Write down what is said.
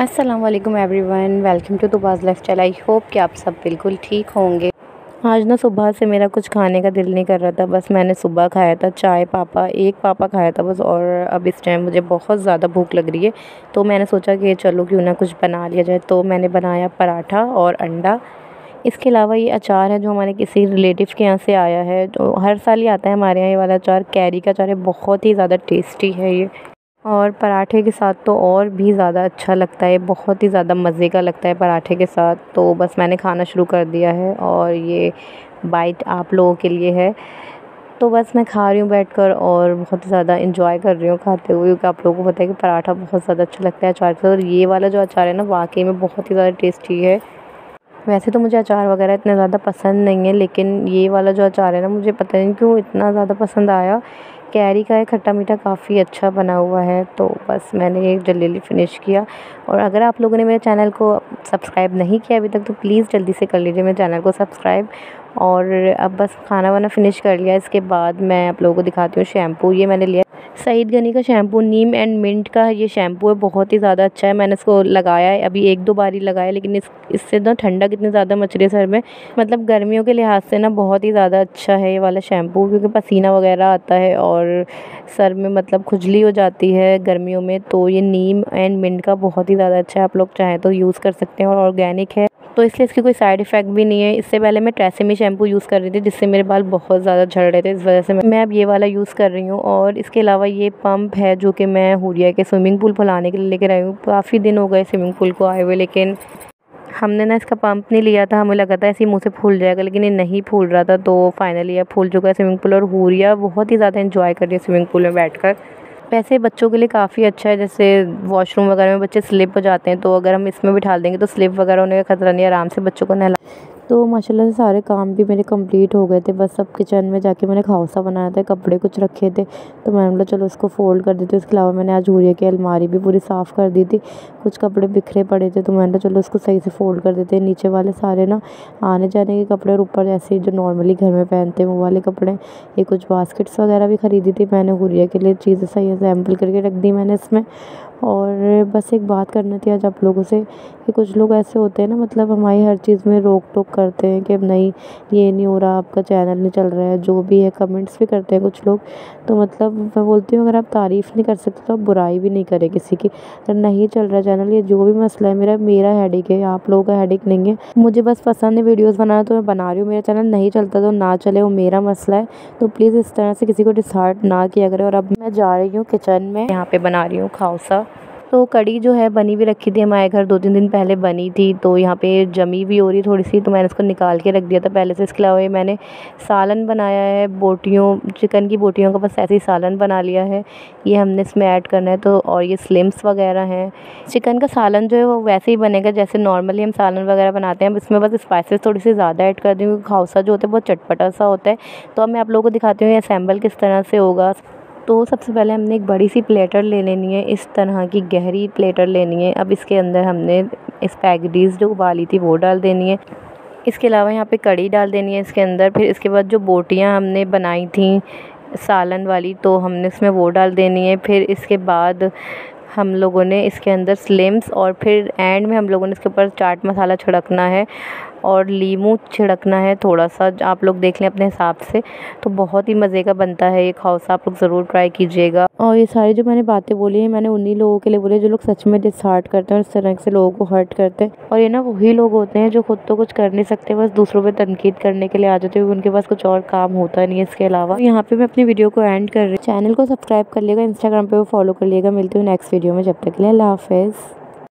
अस्सलाम वालेकुम everyone welcome to दुबाज लाइफ स्टाइल आई होप कि आप सब बिल्कुल ठीक होंगे आज ना सुबह से मेरा कुछ खाने का दिल नहीं कर रहा था बस मैंने सुबह खाया था चाय पापा एक पापा खाया था बस और अब इस टाइम मुझे बहुत ज़्यादा भूख लग रही है तो मैंने सोचा कि चलो क्यों ना कुछ बना लिया जाए तो मैंने बनाया पराठा और अंडा इसके अलावा ये अचार है जो हमारे किसी रिलेटिव के यहाँ से आया है तो हर साल ही आता है हमारे यहाँ ये वाला अचार कैरी का अचार है बहुत ही ज़्यादा टेस्टी है ये और पराठे के साथ तो और भी ज़्यादा अच्छा लगता है बहुत ही ज़्यादा मज़े का लगता है पराठे के साथ तो बस मैंने खाना शुरू कर दिया है और ये बाइट आप लोगों के लिए है तो बस मैं खा रही हूँ बैठ कर और बहुत ज़्यादा इंजॉय कर रही हूँ खाते हुए क्योंकि आप लोगों को पता है कि पराठा बहुत ज़्यादा अच्छा लगता है अचार के साथ और ये वाला जो अचार है ना वाकई में बहुत ही ज़्यादा टेस्टी है वैसे तो मुझे अचार वगैरह इतना ज़्यादा पसंद नहीं है लेकिन ये वाला जो अचार है ना मुझे पता नहीं क्यों इतना ज़्यादा पसंद आया कैरी का है खट्टा मीठा काफ़ी अच्छा बना हुआ है तो बस मैंने जल्दी फिनिश किया और अगर आप लोगों ने मेरे चैनल को सब्सक्राइब नहीं किया अभी तक तो प्लीज़ जल्दी से कर लीजिए मेरे चैनल को सब्सक्राइब और अब बस खाना वाना फिनिश कर लिया इसके बाद मैं आप लोगों को दिखाती हूँ शैम्पू ये मैंने लिया सईद गनी का शैम्पू नीम एंड मिंट का ये शैम्पू है बहुत ही ज़्यादा अच्छा है मैंने इसको लगाया है अभी एक दो बार ही लगाया लेकिन इस इससे ना ठंडा कितनी ज़्यादा मच रही है सर में मतलब गर्मियों के लिहाज से ना बहुत ही ज़्यादा अच्छा है ये वाला शैम्पू क्योंकि पसीना वगैरह आता है और सर में मतलब खुजली हो जाती है गर्मियों में तो ये नीम एंड मिंट का बहुत ही ज़्यादा अच्छा है आप लोग चाहें तो यूज़ कर सकते हैं और ऑर्गेनिक है तो इसलिए इसकी कोई साइड इफ़ेक्ट भी नहीं है इससे पहले मैं ट्रेसेमी शैम्पू यूज़ कर रही थी जिससे मेरे बाल बहुत ज़्यादा झड़ रहे थे इस वजह से मैं अब ये वाला यूज़ कर रही हूँ और इसके अलावा ये पम्प है जो कि मैं हुरिया के स्विमिंग पूल फुलाने के लिए लेकर आई हूँ काफ़ी दिन हो गए स्विमिंग पूल को आए हुए लेकिन हमने ना इसका पंप नहीं लिया था हमें लगा था ऐसे मुँह से फूल जाएगा लेकिन ये नहीं फूल रहा था तो फाइनली अब फूल चुका है स्विमिंग पूल और हुरिया बहुत ही ज़्यादा इन्जॉय कर रही है स्विमिंग पूल में बैठकर वैसे बच्चों के लिए काफ़ी अच्छा है जैसे वॉशरूम वगैरह में बच्चे स्लिप हो जाते हैं तो अगर हम इसमें बिठा देंगे तो स्लिप वगैरह होने का खतरा नहीं आराम से बच्चों को नहला तो माशाल्लाह से सारे काम भी मेरे कंप्लीट हो गए थे बस अब किचन में जाके मैंने खाउसा बनाया था कपड़े कुछ रखे थे तो मैंने बोला चलो उसको फ़ोल्ड कर देती हूँ अलावा मैंने आज हुरिया की अलमारी भी पूरी साफ़ कर दी थी कुछ कपड़े बिखरे पड़े थे तो मैंने बोला चलो उसको सही से फ़ोल्ड कर देते नीचे वाले सारे ना आने जाने के कपड़े और ऊपर ऐसे जो नॉर्मली घर में पहनते हैं वो वाले कपड़े ये कुछ बास्केट्स वगैरह भी ख़रीदी थी मैंने हुरिया के लिए चीज़ें सही सैम्पल करके रख दी मैंने इसमें और बस एक बात करनी थी आज आप लोगों से जैसे कुछ लोग ऐसे होते हैं ना मतलब हमारी हर चीज़ में रोक टोक करते हैं कि नहीं ये नहीं हो रहा आपका चैनल नहीं चल रहा है जो भी है कमेंट्स भी करते हैं कुछ लोग तो मतलब मैं बोलती हूँ अगर आप तारीफ़ नहीं कर सकते तो आप बुराई भी नहीं करें किसी की अगर नहीं चल रहा चैनल ये जो भी मसला है मेरा मेरा हैडिक है आप लोगों का हैडिक नहीं है मुझे बस पसंद है वीडियोज़ बनाना तो मैं बना रही हूँ मेरा चैनल नहीं चलता तो ना चले वो मेरा मसला है तो प्लीज़ इस तरह से किसी को डिसहार्ट ना किया करें और अब मैं जा रही हूँ किचन में यहाँ पर बना रही हूँ खाउसा तो कड़ी जो है बनी हुई रखी थी हमारे घर दो तीन दिन पहले बनी थी तो यहाँ पे जमी भी हो रही थोड़ी सी तो मैंने इसको निकाल के रख दिया था पहले से इसके अलावा मैंने सालन बनाया है बोटियों चिकन की बोटियों का बस ऐसे ही सालन बना लिया है ये हमने इसमें ऐड करना है तो और ये स्लिम्स वगैरह हैं चिकन का सालन जो है वो वैसे ही बनेगा जैसे नॉर्मली हम सालन वगैरह बनाते हैं इसमें बस स्पाइसेस थोड़ी सी ज़्यादा ऐड कर क्योंकि खाउसा जो होता है बहुत चटपटा सा होता है तो अब मैं आप लोगों को दिखाती हूँ ये असेंबल किस तरह से होगा तो सबसे पहले हमने एक बड़ी सी प्लेटर ले लेनी है इस तरह की गहरी प्लेटर लेनी है अब इसके अंदर हमने स्पैगडीज जो उबाली थी वो डाल देनी है इसके अलावा यहाँ पे कड़ी डाल देनी है इसके अंदर फिर इसके बाद जो बोटियाँ हमने बनाई थी सालन वाली तो हमने इसमें वो डाल देनी है फिर इसके बाद हम लोगों ने इसके अंदर स्लिम्स और फिर एंड में हम लोगों ने इसके ऊपर चाट मसाला छिड़कना है और लीमू छिड़कना है थोड़ा सा आप लोग देख लें अपने हिसाब से तो बहुत ही मज़े का बनता है ये खाउसा आप लोग ज़रूर ट्राई कीजिएगा और ये सारी जो मैंने बातें बोली हैं मैंने उन्हीं लोगों के लिए बोले जो लोग सच में डिसहार्ट करते हैं और इस तरह से लोगों को हर्ट करते हैं और ये ना वही लोग होते हैं जो खुद तो कुछ कर नहीं सकते बस दूसरों पर तनकीद करने के लिए आ जाते हैं उनके पास कुछ और काम होता नहीं है इसके अलावा तो यहाँ पे मैं अपनी वीडियो को एंड कर रही हूँ चैनल को सब्सक्राइब कर लेगा इंस्टाग्राम पे वो फॉलो कर लेगा मिलती हूँ नेक्स्ट वीडियो में जब तक लिया हाफिज़